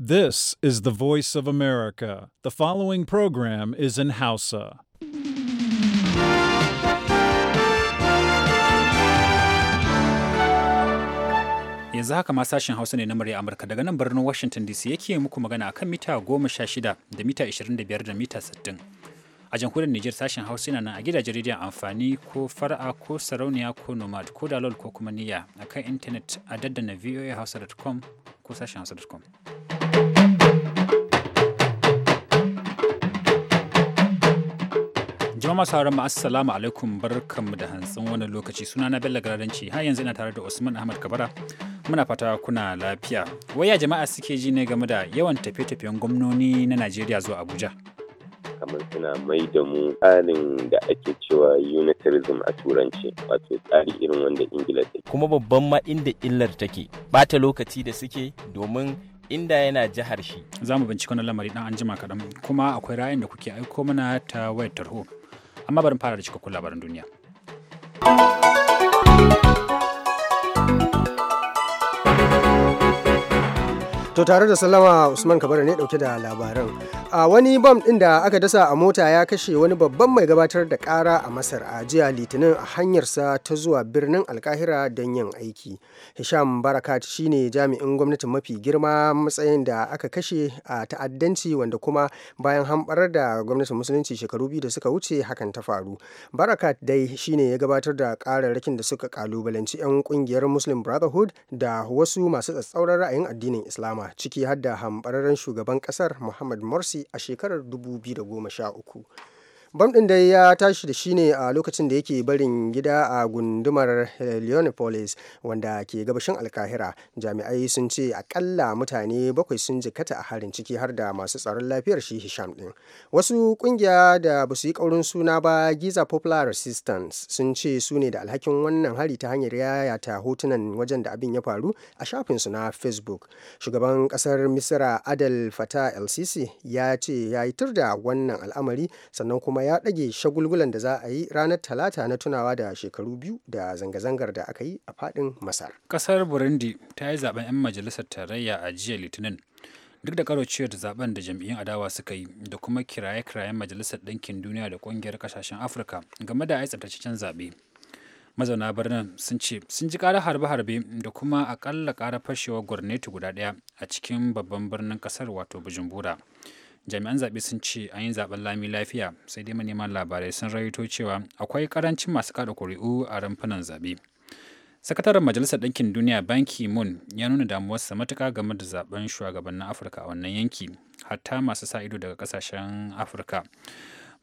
This is the voice of America. The following program is in Hausa. Yanzu haka ma sashen Hausa ne na murya Amurka daga nan birnin Washington DC yake muku magana akan mita 16 da mita 25 da mita 60. A jamhuriyar Nijar sashen Hausa yana nan a gidajen rediyon amfani ko fara'a ko sarauniya ko nomad ko dalol ko kuma niyya akan intanet a daddana voahausa.com ko sashen hausa.com. Jama'a sauran mu assalamu alaikum barkanmu da hantsin wannan lokaci suna na Bello ce har yanzu ina tare da Usman Ahmad Kabara muna fata kuna lafiya. Waya jama'a suke ji ne game da yawan tafiye-tafiyen gwamnoni na Najeriya zuwa Abuja. kamar suna mai da mu tsarin da ake cewa unitarism a turanci wato tsari irin wanda ingila take kuma babban ma inda illar take bata lokaci da suke domin inda yana jihar shi za mu bincika na lamari dan anjima kaɗan kuma akwai ra'ayin da kuke aiko mana ta wayar tarho amma barin fara da cikakkun barin duniya. To tare da sallama Usman Kabara ne dauke da labaran. A wani bam din da aka dasa a mota ya kashe wani babban mai gabatar da kara a Masar a jiya Litinin a hanyarsa ta zuwa birnin Alkahira don yin aiki. Hisham Barakat shine jami'in gwamnati mafi girma matsayin da aka kashe a ta'addanci wanda kuma bayan hambarar da gwamnatin musulunci shekaru biyu da suka wuce hakan ta faru. Barakat dai shine ya gabatar da kararrakin da suka kalubalanci 'yan kungiyar Muslim Brotherhood da wasu masu tsatsauran ra'ayin addinin Islama ciki har da hambararren shugaban kasar muhammad morsi a shekarar 2013 bam ɗin da ya tashi da shi ne a lokacin da yake barin gida a gundumar eh, leonopolis wanda ke gabashin alkahira jami'ai sun ce akalla mutane bakwai sun jikata a harin ciki har da masu tsaron lafiyar shi hisham ɗin wasu ƙungiya da ba su yi ƙaurin suna ba giza popular resistance sun ce su ne da alhakin wannan hari ta hanyar yayata hotunan wajen da abin ya faru a shafin su na facebook shugaban ƙasar misira adal fata el ya ce ya yi tur da wannan al'amari sannan kuma kuma ya ɗage shagulgulan da za a yi ranar talata na tunawa da shekaru biyu da zanga-zangar da aka yi a faɗin masar ƙasar burundi ta yi zaben 'yan majalisar tarayya a jiya litinin duk da karociyar zaben da jam'iyyun adawa suka yi da kuma kiraye-kirayen majalisar ɗinkin duniya da ƙungiyar ƙasashen afirka game da tsabtataccen zaɓe mazauna birnin sun ce sun ji ƙarar harbe-harbe da kuma aƙalla ƙarar fashewar gwarneti guda ɗaya a cikin babban birnin ƙasar wato bujumbura jami'an zaɓe sun ce an yi zaɓen lami lafiya sai dai manema labarai sun rayuto cewa akwai karancin masu kada kuri'u a rumfunan zaɓe sakataren majalisar ɗinkin duniya banki moon ya nuna damuwarsa matuka game da zaben shugabannin afirka a wannan yanki hatta masu sa ido daga ƙasashen afirka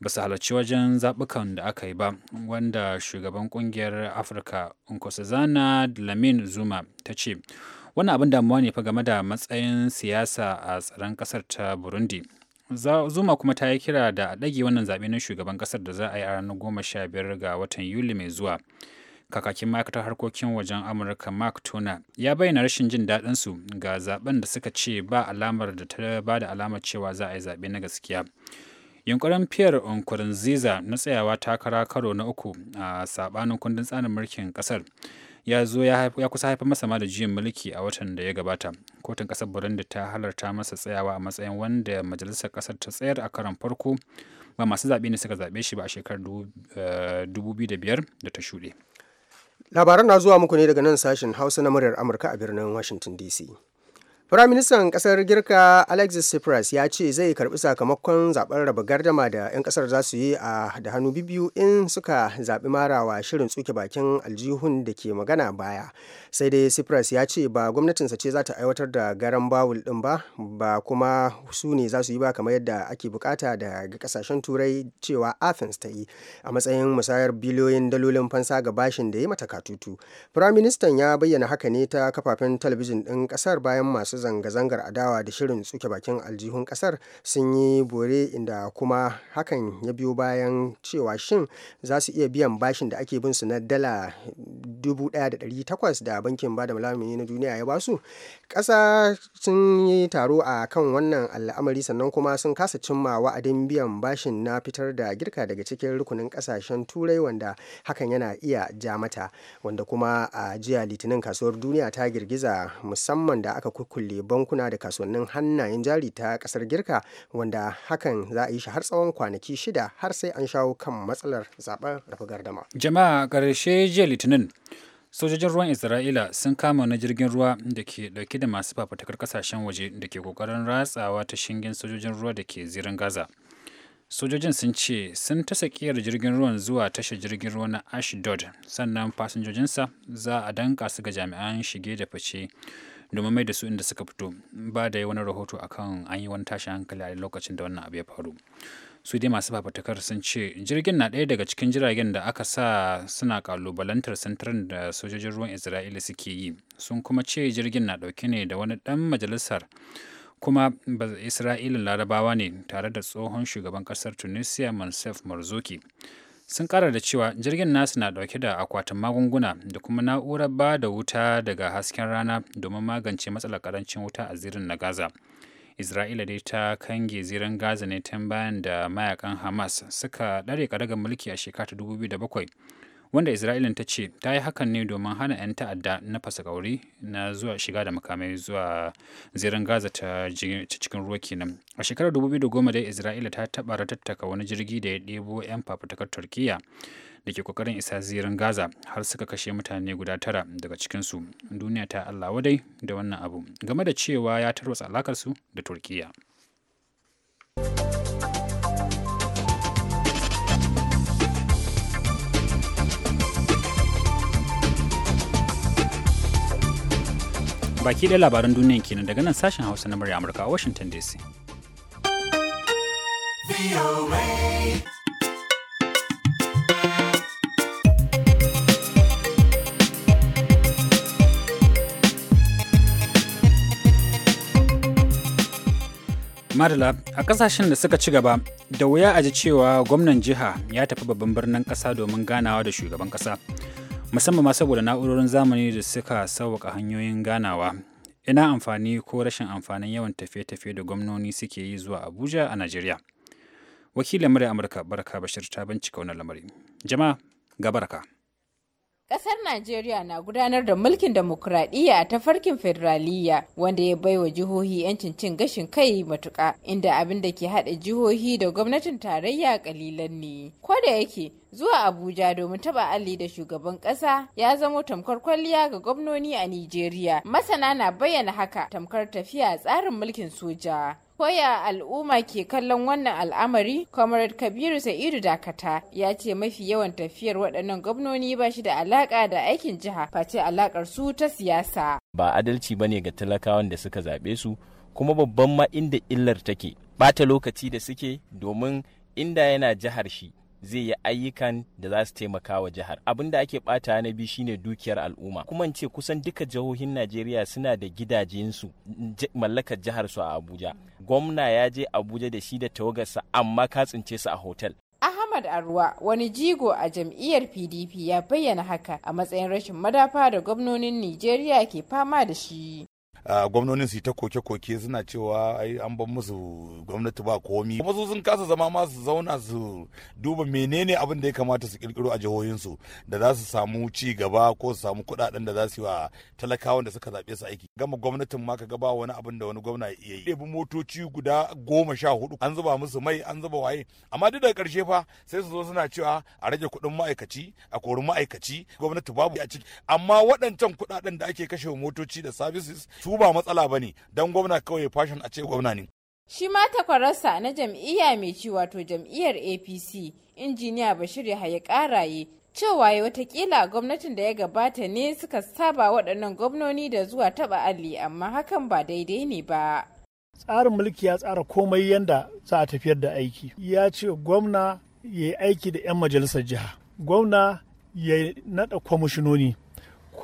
ba su halarci wajen zaɓukan da aka yi ba wanda shugaban ƙungiyar afirka nkosazana lamin zuma ta ce wannan abin damuwa ne fa game da matsayin siyasa a tsaron ƙasar ta burundi Zuma kuma ta yi kira da a ɗage wannan zaɓe na shugaban ƙasar da za a yi a ranar goma sha biyar ga watan Yuli mai zuwa. Kakakin ma'aikatar harkokin wajen Amurka Mark Tona ya bayyana rashin jin daɗin su ga zaɓen da suka ce ba alamar da ta ba da alamar cewa za a yi zaɓe na gaskiya. yunkurin pierre nkurunziza na tsayawa takara karo na uku a saɓanin kundin tsarin mulkin ƙasar. ya zo ya kusa haifar masa ma da juyin mulki a watan da ya gabata kotun kasar burundi ta halarta masa tsayawa a matsayin wanda majalisar kasar ta tsayar a karon farko ba masu zaɓe ne suka zaɓe shi ba a shekarar 2005 eh, da ta shuɗe labaran na zuwa muku ne daga nan sashen hausa na muryar amurka a birnin washington dc Firaministan ƙasar Girka Alexis Tsipras ya ce zai karɓi sakamakon zaben raba gardama da 'yan ƙasar za su yi a da hannu biyu in suka zaɓi marawa shirin tsuke bakin aljihun da ke magana baya. Sai dai Tsipras ya ce ba gwamnatinsa ce za ta aiwatar da garan bawul ɗin ba, ba kuma su ne za su yi ba kamar yadda ake bukata da kasashen turai cewa Athens ta yi a matsayin musayar biliyoyin dalolin fansa ga bashin da ya mata katutu. Firaministan ya bayyana haka ne ta kafafen talabijin ɗin kasar bayan masu masu zanga-zangar adawa da shirin tsuke bakin aljihun kasar sun yi bore inda kuma hakan ya biyo bayan cewa shin za su iya biyan bashin da ake bin su na dala 1,800 da bankin bada malamuni na duniya ya basu ƙasa sun yi taro a kan wannan al'amari sannan kuma sun kasa cimma wa'adin biyan bashin na fitar da girka daga cikin rukunin kasashen turai wanda hakan yana iya ja mata wanda kuma a jiya litinin kasuwar duniya ta girgiza musamman da aka kukkule kulle bankuna da kasuwannin hannayen jari ta kasar girka wanda hakan za a yi shi har tsawon kwanaki shida har sai an shawo kan matsalar zaben rafi gardama jama'a karshe jiya litinin sojojin ruwan isra'ila sun kama na jirgin ruwa da ke dauke da masu fafatakar kasashen waje da ke kokarin ratsawa ta shingen sojojin ruwa da ke zirin gaza sojojin sun ce sun ta sakiyar jirgin ruwan zuwa tashar jirgin ruwa na ashdod sannan fasinjojinsa za a danka su ga jami'an shige da fice domin mai da su inda suka fito ba da yi wani rahoto akan an yi wani tashin hankali a lokacin da wannan abu ya faru su dai masu fafatakar sun ce jirgin na ɗaya daga cikin jiragen da aka sa suna kalubalantar santarin da sojojin ruwan isra'ila suke yi sun kuma ce jirgin na ɗauke ne da wani ɗan majalisar kuma isra'ilin larabawa ne tare da tsohon shugaban ƙasar tunisia mansef marzuki sun kara da cewa jirgin nasu na dauke da akwatin magunguna da kuma na'urar ba da wuta daga hasken rana domin magance matsalar karancin wuta a zirin na gaza isra'ila dai ta kange zirin gaza ne tun bayan da mayakan hamas suka ɗare karagar mulki a shekara 2007 wanda isra'ilin ta ce ta yi hakan ne domin hana 'yan ta'adda na fasakauri na zuwa shiga da makamai zuwa zirin gaza ta cikin ruwa kenan a shekarar 2010 dai isra'ila ta taɓa ratattaka wani jirgi da ya ɗebo 'yan fafutukar turkiyya da ke kokarin isa zirin Gaza har suka kashe mutane guda tara daga cikinsu. Duniya ta Allah wadai da wannan abu game da cewa ya tarwatsa alakarsu da Turkiyya. baki ɗaya labaran duniyan kenan daga nan sashen hausa na murya amurka a washington dc Madala, a kasashen da suka ci gaba, da wuya a ji cewa gwamnan jiha ya tafi babban birnin kasa domin ganawa da shugaban kasa. musamman ma saboda na'urorin zamani da suka sauƙa hanyoyin ganawa ina amfani ko rashin amfanin yawan tafiye-tafiye da gwamnoni suke yi zuwa abuja a najeriya wakilin murya amurka barka bashir ta bincika wani lamari jama'a ga barka Ƙasar Najeriya na gudanar da mulkin demokuraɗiyya a tafarkin federaliyya wanda ya bai wa jihohi 'yancin cin gashin kai matuƙa inda abin da ke haɗa jihohi da gwamnatin tarayya ƙalilan ne. Ko da yake zuwa Abuja domin taɓa alli da shugaban ƙasa ya zamo tamkar kwalliya ga gwamnoni a Nijeriya. Masana na bayyana haka tamkar tafiya tsarin mulkin soja. Koya al'umma ke kallon wannan al'amari, Comrade Kabiru Sa'idu Dakata ya ce mafi yawan tafiyar waɗannan gwamnoni ba shi da alaƙa da aikin jiha face alaƙar su ta siyasa. Ba adalci ba ne ga talakawan da suka zaɓe su, kuma babban ma inda illar take, ɓata lokaci da suke domin inda yana jihar shi zai yi ayyukan da za su taimaka wa jihar abin da ake bata na biyu shine dukiyar al'umma kuma ce kusan duka jihohin najeriya suna da gidajensu mallakar jihar su a abuja gwamna ya je abuja da shi da tawagarsa amma ka tsince su a hotel Ahmad Arwa wani jigo a jam'iyyar PDP ya bayyana haka a matsayin rashin madafa da gwamnonin Nijeriya ke fama da shi. Ah, gwamnonin su ta koke-koke suna cewa an ban musu gwamnati ba komi kuma su sun kasa zama ma su zauna su duba menene abin da ya kamata su kirkiro a su da za su samu ci gaba ko su samu kuɗaɗen da za su yi wa talakawan da suka zaɓe su aiki gama gwamnatin ma ka gaba wani abin da wani gwamna ya yi bi motoci guda goma sha hudu an zuba musu mai an zuba waye amma duk daga karshe fa sai su zo suna cewa a rage kuɗin ma'aikaci a kori ma'aikaci gwamnati babu a ciki amma waɗancan kuɗaɗen da ake kashe motoci da services su ba matsala ba ne don gwamna kawai fashin a ce gwamna ne. Shi ma takwararsa na jam'iyya mai ci wato jam'iyyar APC, injiniya Bashir Yahaya Karaye, cewa ya watakila gwamnatin da ya gabata ne suka saba waɗannan gwamnoni da zuwa taɓa alli amma hakan ba daidai ne ba. Tsarin mulki ya tsara komai yanda za a tafiyar da aiki. Ya ce gwamna ya yi aiki da 'yan majalisar jiha. Gwamna ya naɗa kwamishinoni.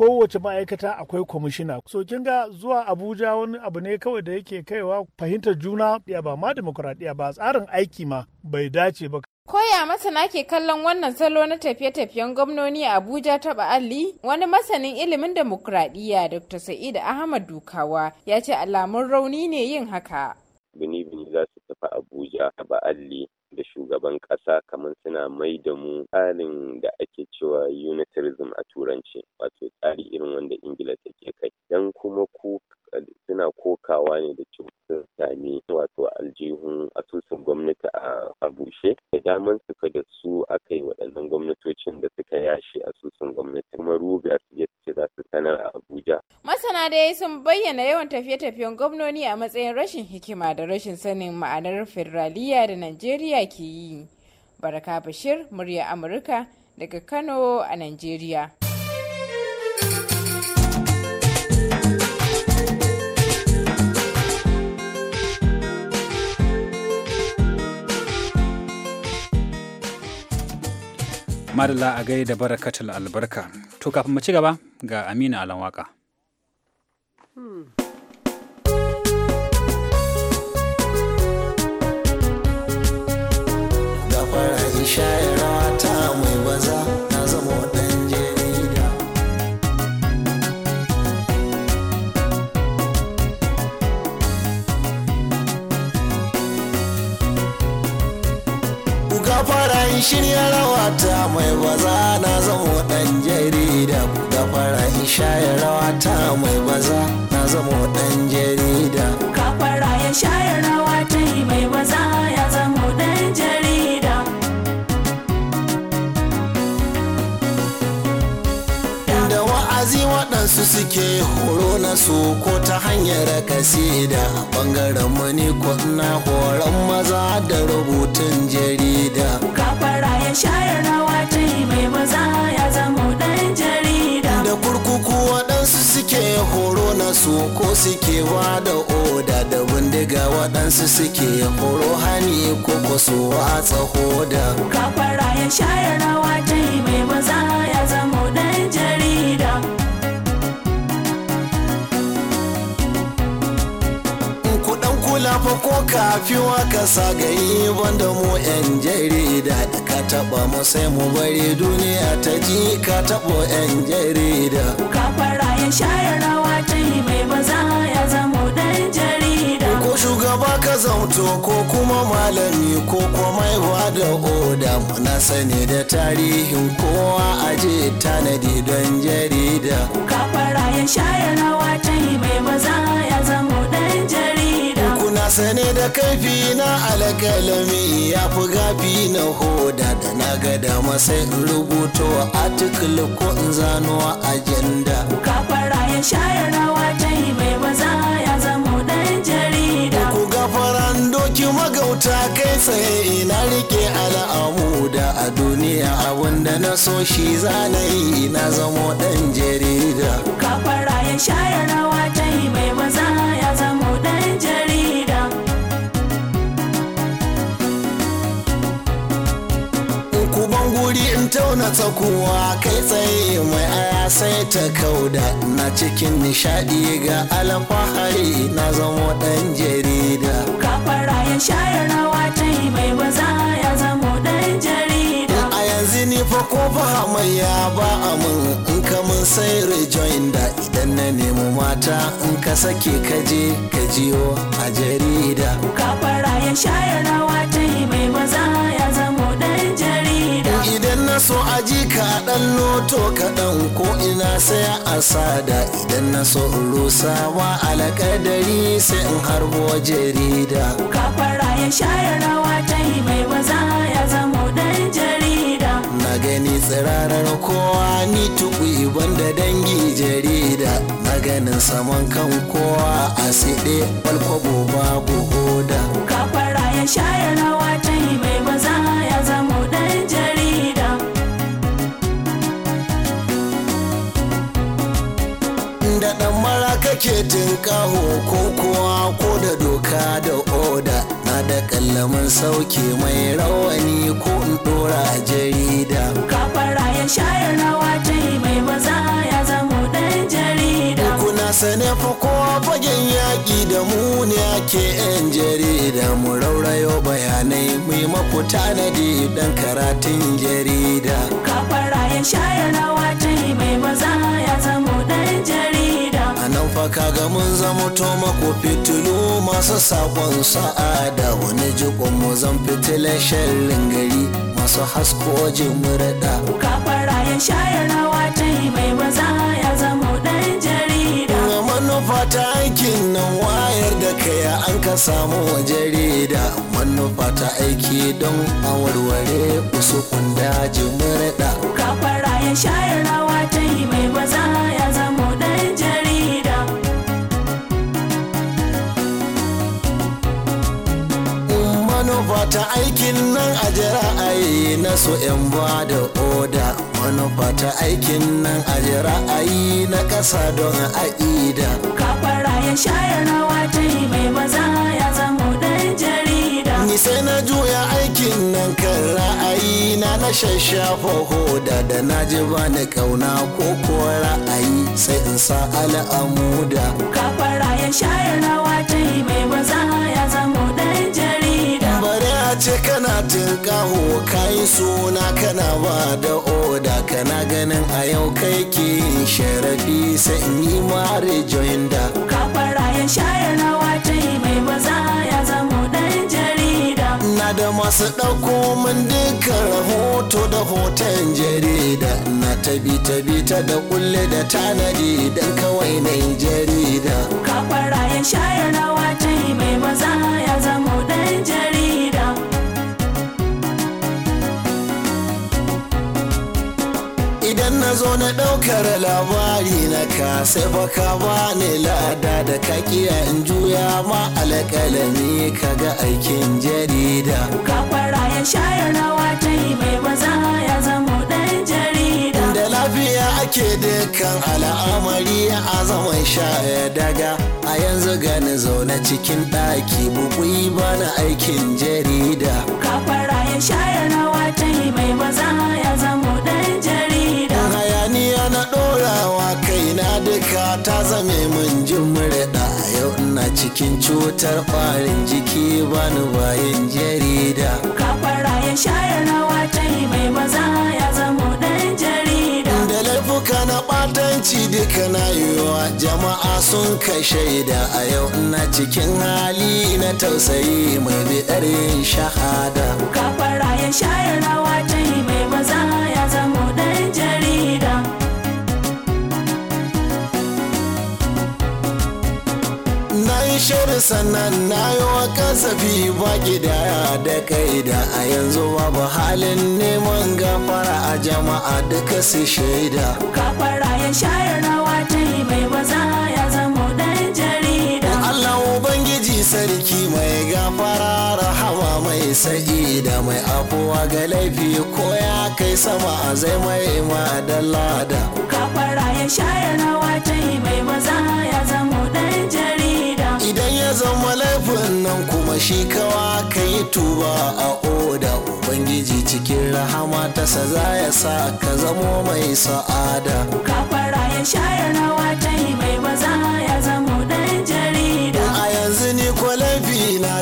kowace ma'aikata akwai kwamishina so kin ga zuwa abuja wani abu ne kawai da yake kaiwa fahimtar juna ya ba ma demokuraɗiyya ba tsarin aiki ma bai dace ba Koya masana ke kallon wannan salo na tafiye-tafiyen gwamnoni a Abuja ta ba'alli wani masanin ilimin demokuraɗiyya Dr. Sa'id Ahmad Dukawa ya ce alamun rauni ne yin haka. Bini-bini za su tafi Abuja ta ba'alli da shugaban ƙasa kamar suna mai da mu tsarin da ake cewa unitarism a turanci wato tsari irin wanda ingila take kai dan kuma ku suna kokawa ne da cutar sami wato aljihun asusun gwamnati a bushe da daman suka da su aka yi waɗannan gwamnatocin da suka yashi asusun gwamnati kuma ruga yi ce za su sanar a abuja masana da dai sun bayyana yawan tafiye-tafiyen gwamnoni a matsayin rashin hikima da rashin sanin ma'anar federaliya da najeriya ke yi baraka bashir murya amurka daga kano a najeriya madalla a gai da barakatul albarka to kafin mu ci gaba ga amina alan waka Hmm. shirya rawa ta mai baza na zamo dan jarida buga fara in shaya rawa ta mai baza na zamo dan jarida buga fara ya shaya rawa ta mai baza ya zamo dan jarida da wa'azi waɗansu suke horo na su ko ta hanyar kasida bangaren mani ko na horon maza da rubutun jarida mai shayarwa ta yi mai maza ya zamo ɗan jarida da kurkuku waɗansu suke horo na su ko suke da oda da bindiga waɗansu suke horo hani ko kwaso a tsaho da kafara ya shayarwa ta yi mai maza ya zamo ɗan jarida fa ko kafiwa ka sa gayi banda mu yan jarida da ka taba mu sai mu bari duniya ta ji ka tabo yan jarida ka fara ya shayar rawa ta mai maza ya zamo dan jarida ko shugaba ka zauto ko kuma malami ko kuma mai da oda muna sani da tarihin kowa aje tanadi don jarida ka fara ya shayar rawa ta mai maza ya zamo dan jarida sane da kaifi na alƙalami ya fi gafi na hoda da na ga dama sai in rubuto article ko in zano ajanda kuka fara ya shayar rawa ta yi mai maza ya zamo ɗan jarida ku gafaran doki magauta kai tsaye ina rike al'amuda a duniya abinda na so shi yi na zamo ɗan jarida kuka fara ya shayar rawa ta yi mai maza ya zamo ɗan jarida tauna tsakuwa kai tsaye mai aya sai ta kauda na cikin nishadi ga alfahari na zamo dan jarida kafara ya share rawa ta mai maza ya zamo dan jarida a yanzu ni fa ko ba hamayya ba amin in ka mun sai rejoin da idan na nemi mata in ka sake kaje ka a jarida kafara ya share rawa ta mai maza. ɗan loto kaɗan ko ina sai a sada idan na so in rusawa alakadari sai in harbo jarida kafara ya share rawa ta yi mai waza ya zamo dan jarida na gani tsirarar kowa ni tukui banda dangi jarida na ganin saman kan kowa a siɗe balkwabo babu hoda kafara ya share rawa ta yi mai waza kawo ko kuwa ko da doka da oda na da kallaman sauke mai rawani ko in dora a jarida kafara ya shayar rawa jai mai maza ya zamo dan jarida kuna sane fa kowa fagen yaƙi da mu ne ake yan jarida mu raurayo bayanai mai maku tanadi dan karatun jarida kafara ya shayar rawa jai mai maza ya zamo dan jarida fa ga mun zama to ko fitilu masu sa'a da wani jikon mu zan fitilan shan gari masu hasko je mu rada kuka mai maza ya zama dan jarida manufa ta aikin nan wayar da kai an ka samu jarida manufa ta aiki don a warware usukun daji mu rada kuka farayen ta mai maza ta aikin nan a jira yi na so yan ba da oda manufa ta aikin nan a jira yi na ƙasa don a ida kafara ya shayar rawa ta yi mai maza ya zamo dan jarida ni sai na juya aikin nan kan ra'ayi na na shashafa hoda da na ji ba da kauna ko ko ra'ayi sai in sa al'amuda kafara ya ce kana tinkaho kayi suna kana ba da oda kana ganin a yau kai ke sharafi sai in yi mare da ka fara yin shayar na ta mai maza ya zamo ɗan jarida na da masu ɗauko min duka rahoto da hoton jarida na tabi tabi ta da kulle da tanadi dan kawai na jarida ka fara yin shayar na ta mai maza ya zamo ɗan jarida zo na ɗaukar labari na ka sai baka bani lada da ka kiya in juya ma alƙalami ga aikin jarida kuka fara ya shayar na wata yi mai maza ya zama ɗan jarida da lafiya ake dukkan al'amari a zaman shaya daga a yanzu gani zaune cikin ɗaki bukui bana aikin jarida kuka fara ya shayar na wata yi mai maza ya zama cikin cutar ƙwarin jiki bani bayan jarida kafara ya shayar rawa ta yi mai maza ya zama ɗan jarida da laifuka na ɓatanci duka na yiwa jama'a sun kai shaida a yau na cikin hali na tausayi mai biɗar yin shahada kafara ya shayar rawa ta yi mai maza ya zama ɗan shirin sannan na yi wa kasafi ba gidaya da da a yanzu babu halin neman gafara a jama'a duka su shaida gafara ya shayar rawa ta mai maza ya sarki mai gafara rahama mai sa'i da mai afuwa ga laifi ko ya kai sama a zai mai ima da kafara ya shaya na wata mai maza ya zamo dan jarida idan ya zama laifin nan kuma shi kawa ka yi tuba a oda ubangiji cikin rahama ta saza ya sa ka zamo mai sa'ada kafara ya shaya na wata mai maza ya zamo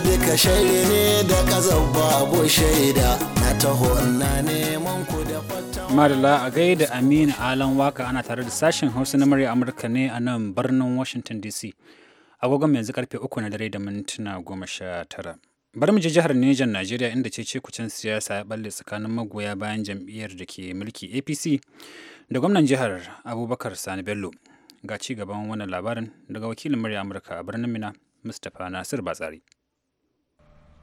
duka shaidi ne da kazan babu shaida na taho na neman ku da Madala a gaida Aminu Alan Waka ana tare da sashen Hausa na murya Amurka ne a nan birnin Washington DC. Agogon yanzu karfe uku na dare da mintuna goma sha tara. Bari mu je jihar Nijar Najeriya inda ce kucin siyasa ya balle tsakanin magoya bayan jam'iyyar da ke mulki APC da gwamnan jihar Abubakar Sani Bello. Ga ci gaban wannan labarin daga wakilin murya Amurka a birnin Mina, Mustapha Nasir Batsari.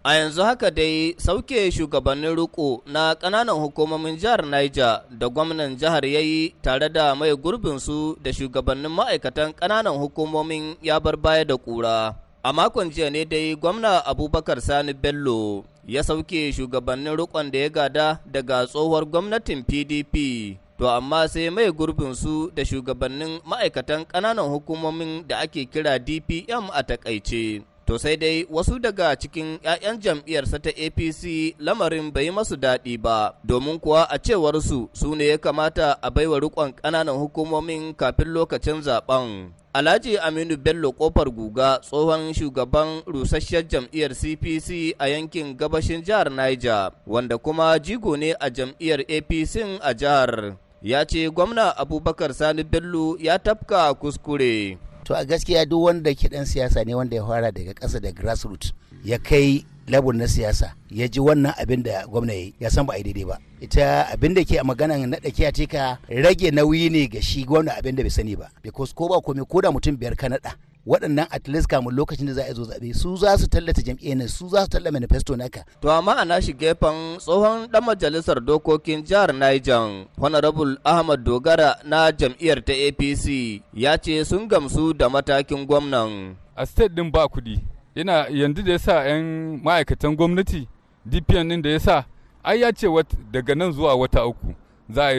A yanzu haka dai sauke shugabannin riko na ƙananan hukumomin jihar Niger da gwamnan jihar ya yi tare da mai su da shugabannin ma'aikatan ƙananan hukumomin ya bar baya da ƙura. A makon jiya ne dai gwamna Abubakar Sani Bello ya sauke shugabannin rikon da ya gada daga tsohuwar gwamnatin PDP. To amma sai mai gurbin su da shugabannin ma'aikatan ƙananan hukumomin da ake kira DPM a takaice. To sai dai wasu daga cikin 'ya'yan jam'iyyarsa ta APC lamarin bai masu daɗi ba, domin kuwa a cewarsu su ne ya kamata a baiwa riƙon ƙananan hukumomin kafin lokacin zaben. Alhaji Aminu Bello ƙofar Guga tsohon shugaban rusasshen jam'iyyar CPC a yankin gabashin jihar Niger, wanda kuma jigo ne a jam'iyyar APC a jihar, ya ce gwamna Abubakar Sani Bello ya tafka kuskure. to a gaskiya duk wanda ke dan siyasa ne wanda ya fara daga ƙasa da grassroots ya kai labur na siyasa ya ji wannan abin da gwamna ya ya san ba a yi daidai ba ita abin da ke a magana na ɗakiya a rage nauyi ne ga shi gwamna abin da bai sani ba because ko ba komai ko da mutum biyar ka naɗa waɗannan at least kamun lokacin da za a zo zaɓe su za su tallata jam'iyyar su za su tallata manifesto naka. To amma a nashi gefen tsohon ɗan majalisar dokokin jihar Niger Honorable Ahmad Dogara na jam'iyyar ta APC ya ce sun gamsu da matakin gwamnan. A state ɗin ba kuɗi yana yanzu da ya sa 'yan ma'aikatan gwamnati DPN ɗin da ya sa ai ya ce daga nan zuwa wata uku za a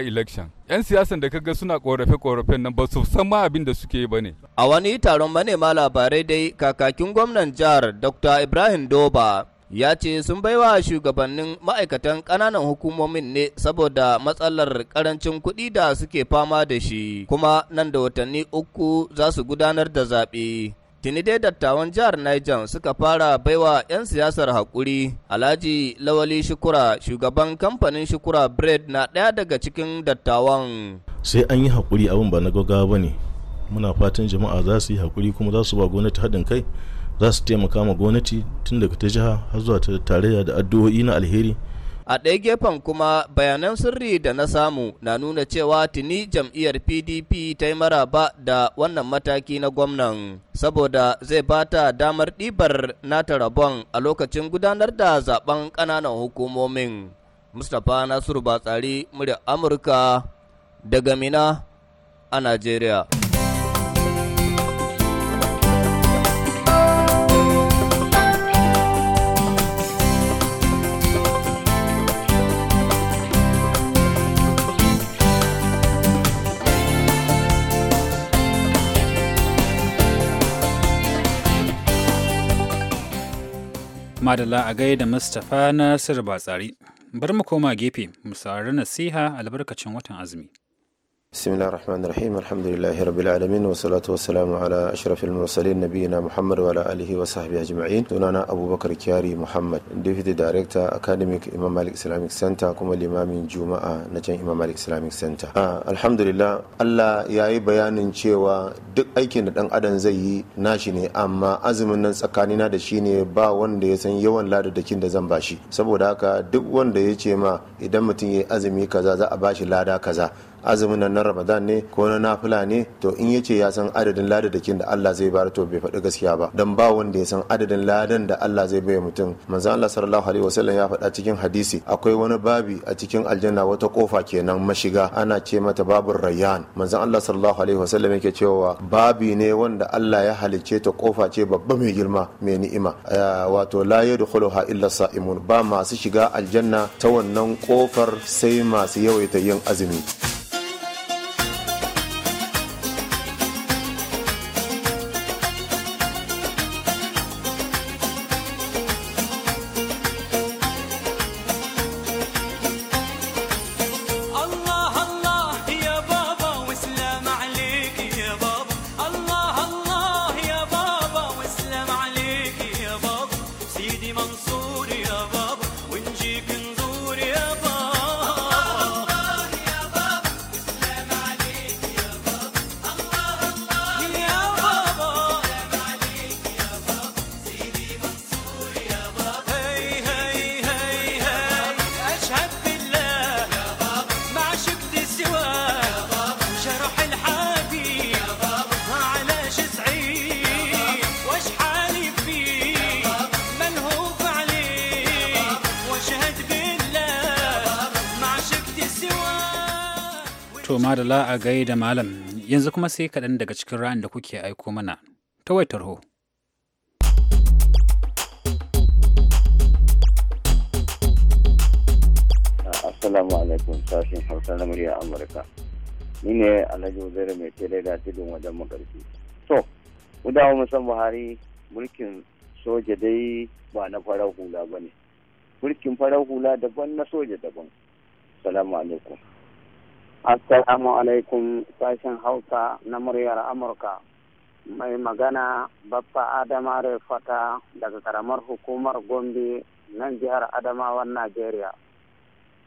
yi election. 'yan siyasan da kaga suna korafe-korafen nan ba su san ma abin da suke yi ba ne. A wani taron manema labarai dai kakakin gwamnan jihar Dr. Ibrahim Doba ya ce sun baiwa shugabannin ma'aikatan ƙananan hukumomin ne saboda matsalar karancin kuɗi da suke fama da shi kuma nan da watanni uku za su gudanar da zaɓe. Tuni dai dattawan jihar Niger suka fara baiwa 'yan siyasar haƙuri, Alhaji Lawali Shukura, shugaban kamfanin Shukura Bread na ɗaya daga cikin dattawan. Sai an yi haƙuri abin ba na gaggawa ba ne. Muna fatan jama'a za su yi haƙuri kuma za su ba gwamnati haɗin kai, za su taimaka ma gwamnati tun daga ta jiha har zuwa ta tarayya da addu'o'i na alheri. a ɗaya gefen kuma bayanan sirri da na samu na nuna cewa tuni jam'iyyar pdp ta yi maraba da wannan mataki na gwamnan saboda zai ba ta damar ɗibar nata rabon a lokacin gudanar da zaben ƙananan hukumomin mustapha nasiru batsari murya amurka daga mina a najeriya madalla a gaida Mustapha nasir Batsari. Bar mu koma gefe, mu saurari nasiha albarkacin watan azumi. بسم الله الرحمن الرحيم الحمد لله رب العالمين والصلاة والسلام على أشرف المرسلين نبينا محمد وعلى آله وصحبه أجمعين دونانا أبو بكر كياري محمد ديفيد داريكتا أكاديميك إمام مالك إسلاميك سنتا كما الإمام جمعة نجان إمام مالك إسلاميك سنتا آه الحمد لله الله ياي بيان cewa duk aikin da dan adam zai yi nashi ne amma azumin nan tsakanina da shi ne ba wanda ya san yawan ladadakin da zan bashi saboda haka duk wanda ya ce ma idan mutum azumin nan na ramadan ne ko na nafila ne to in yace ya san adadin ladadakin da Allah zai bayar to bai faɗi gaskiya ba dan ba wanda ya san adadin ladan da Allah zai bai mutum manzo Allah sallallahu alaihi wasallam ya faɗa cikin hadisi akwai wani babi a cikin aljanna wata kofa kenan mashiga ana ce mata babur rayyan manzo Allah sallallahu alaihi wasallam yake cewa babi ne wanda Allah ya halicce ta kofa ce babba mai girma mai ni'ima eh, wato la yadkhuluha illa sa'imun ba masu shiga aljanna ta wannan kofar sai masu yawaita yin azumi madala a gai da malam yanzu kuma sai kaɗan daga cikin ra'ayin da kuke aiko mana ta waitar ho. Assalamu alaikum sashen hausa na murya Amurka. Ni ne Alhaji Uzairu mai tere da tudun wajen makarfi. To, mu dawo musan Buhari mulkin soja dai ba na farar hula ba ne. Mulkin farar hula daban na soja daban. Assalamu alaikum. Assalamu alaikum sashen Hausa na muryar Amurka. Mai magana Baffa Adama Refata daga karamar hukumar Gombe nan jihar Adamawan Najeriya.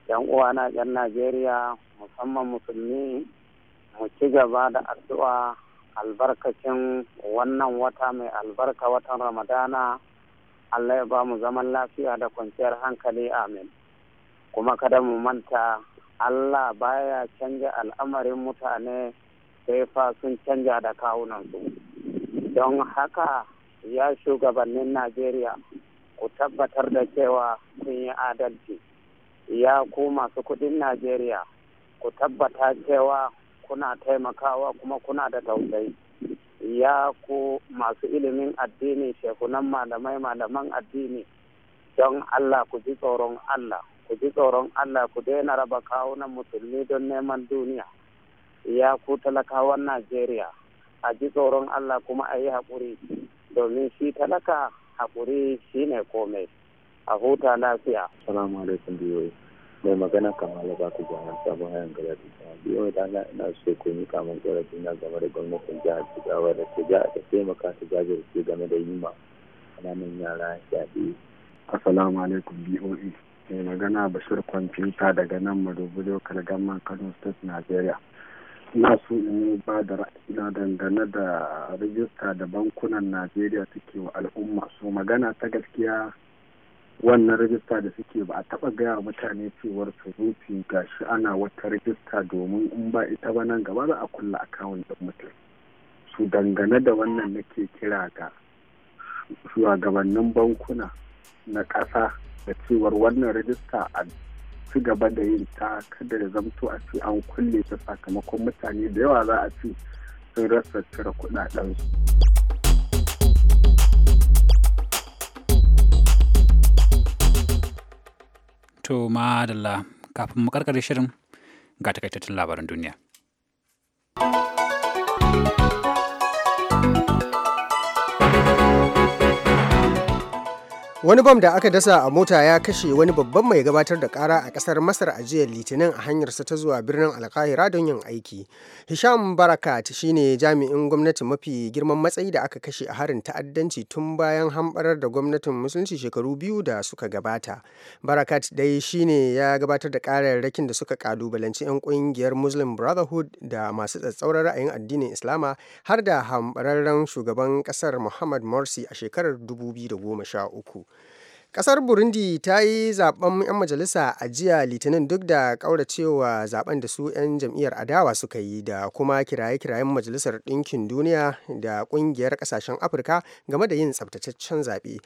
‘Yan uwana ‘yan Najeriya musamman musulmi mu ci gaba da addu'a albarkacin wannan wata mai albarka watan Ramadana Allah ya ba mu zaman lafiya da kwanciyar hankali amin. Kuma kada mu manta Allah baya canza al'amarin mutane sai fa sun canja da kawunansu. Don haka ya shugabannin Najeriya ku tabbatar da cewa kun yi adalci. Ya ku masu kudin Najeriya ku tabbata cewa kuna taimakawa kuma kuna da tausayi. Ya ku masu ilimin addini shekunan malamai malaman addini don Allah ku ji tsoron Allah. ku ji tsoron Allah ku daina raba kawunan musulmi don neman duniya ya ku talakawan Najeriya a ji tsoron Allah kuma a yi haƙuri domin shi talaka haƙuri shi ne komai a huta lafiya. Salamu alaikum biyoyi mai magana kamala ba ku jihar sabon hayan gaba da jihar biyoyi da na ina so ku yi kamar ƙorafi na game da gwamnatin jihar Jigawa da ta jihar ta taimaka ta jajirce game da yi ma ƙananan yara shaɗi. Assalamu alaikum biyoyi. mai magana bashir kwamfuta daga nan madubu lokal gama kano state nigeria ina so in ba da ra'ayina dangane da rijista da bankunan najeriya suke wa al'umma su magana ta gaskiya wannan rijista da suke ba a taba gaya wa mutane cewar su rufi gashi ana wata rijista domin in ba ita ba nan gaba za a kulla akawun ɗin mutum su dangane da wannan nake kira ga shugabannin bankuna na ƙasa da cewar wannan rajista a ci gaba da yin ta kada da zamto a ce an kulle ta sakamakon mutane da yawa za a ce sun rasa cire kudaden su. To madalla kafin mu karkare shirin ga takaitattun labaran duniya. wani bam da aka dasa a mota ya kashe wani babban mai gabatar da kara a kasar masar a jiya litinin a hanyarsa ta zuwa birnin alkahira don yin aiki hisham barakat shine jami'in gwamnati mafi girman matsayi da aka kashe a harin ta'addanci tun bayan hambarar da gwamnatin musulunci shekaru biyu da suka gabata barakat dai shine ya gabatar da kararrakin da suka kalubalanci 'yan kungiyar muslim brotherhood da masu tsatsauran ra'ayin addinin islama har da hambararren shugaban kasar muhammad morsi a shekarar 2013 kasar Burundi ta yi zaɓen 'yan majalisa a jiya Litinin duk da ƙauracewa zaɓen da su 'yan jam'iyyar adawa suka yi da kuma kiraye-kirayen Majalisar Ɗinkin Duniya da Ƙungiyar Ƙasashen Afirka game da yin tsabtataccen zaɓe.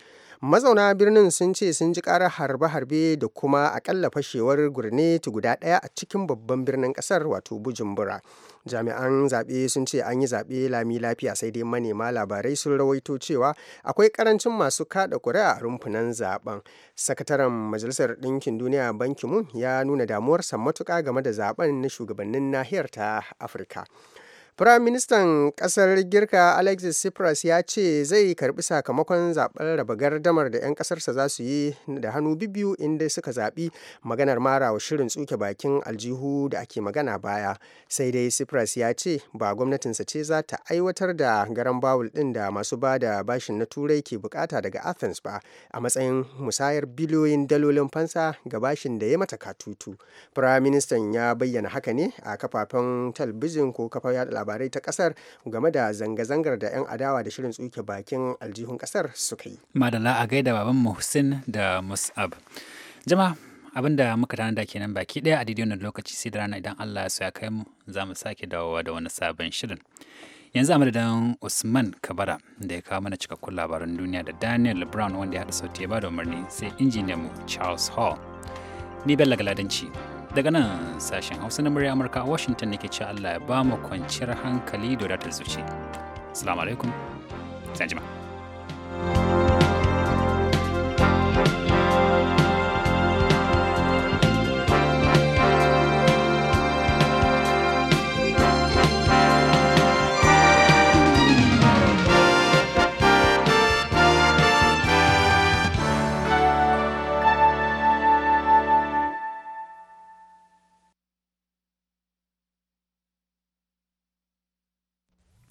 mazauna birnin sun ce sun ji karar harbe-harbe da kuma akalla fashewar gurneti guda ɗaya a cikin babban birnin ƙasar wato bujumbura jami'an zaɓe sun ce an yi zaɓe lami lafiya sai dai manema labarai sun rawaito cewa akwai karancin masu kada kuri'a a rumfunan zaben sakataren majalisar ɗinkin duniya banki mun ya nuna damuwarsa matuƙa game da zaben na shugabannin nahiyar ta afirka Firaministan ƙasar Girka Alexis Tsipras ya ce zai karbi sakamakon zaɓen raba gardamar da 'yan ƙasarsa za su yi da hannu bibiyu inda suka zaɓi maganar mara wa shirin tsuke bakin aljihu da ake magana baya. Sai dai Tsipras ya ce ba gwamnatinsa ce za ta aiwatar da garan bawul ɗin da masu ba da bashin na Turai ke bukata daga Athens ba a matsayin musayar biliyoyin dalolin fansa ga bashin da ya mata katutu. Firaministan ya bayyana haka ne a kafafen talbijin ko kafar yaɗa labarai ta kasar game da zanga-zangar da 'yan adawa da shirin tsuke bakin aljihun kasar suka yi. madala a gaida baban Muhsin da Mus'ab. Jama abin da muka tanada kenan baki daya a didiyon lokaci sai da rana idan Allah ya kai mu za mu sake dawowa da wani sabon shirin. Yanzu a madadin Usman Kabara da ya kawo mana cikakkun labaran duniya da Daniel Brown wanda ya haɗa sauti ya ba da umarni sai injiniyan mu Charles Hall. Ni Bello Galadanci daga nan sashen hausa na murya amurka a washington nake ci allah ya ba mu kwanciyar hankali da wadatar zuci assalamu alaikum sai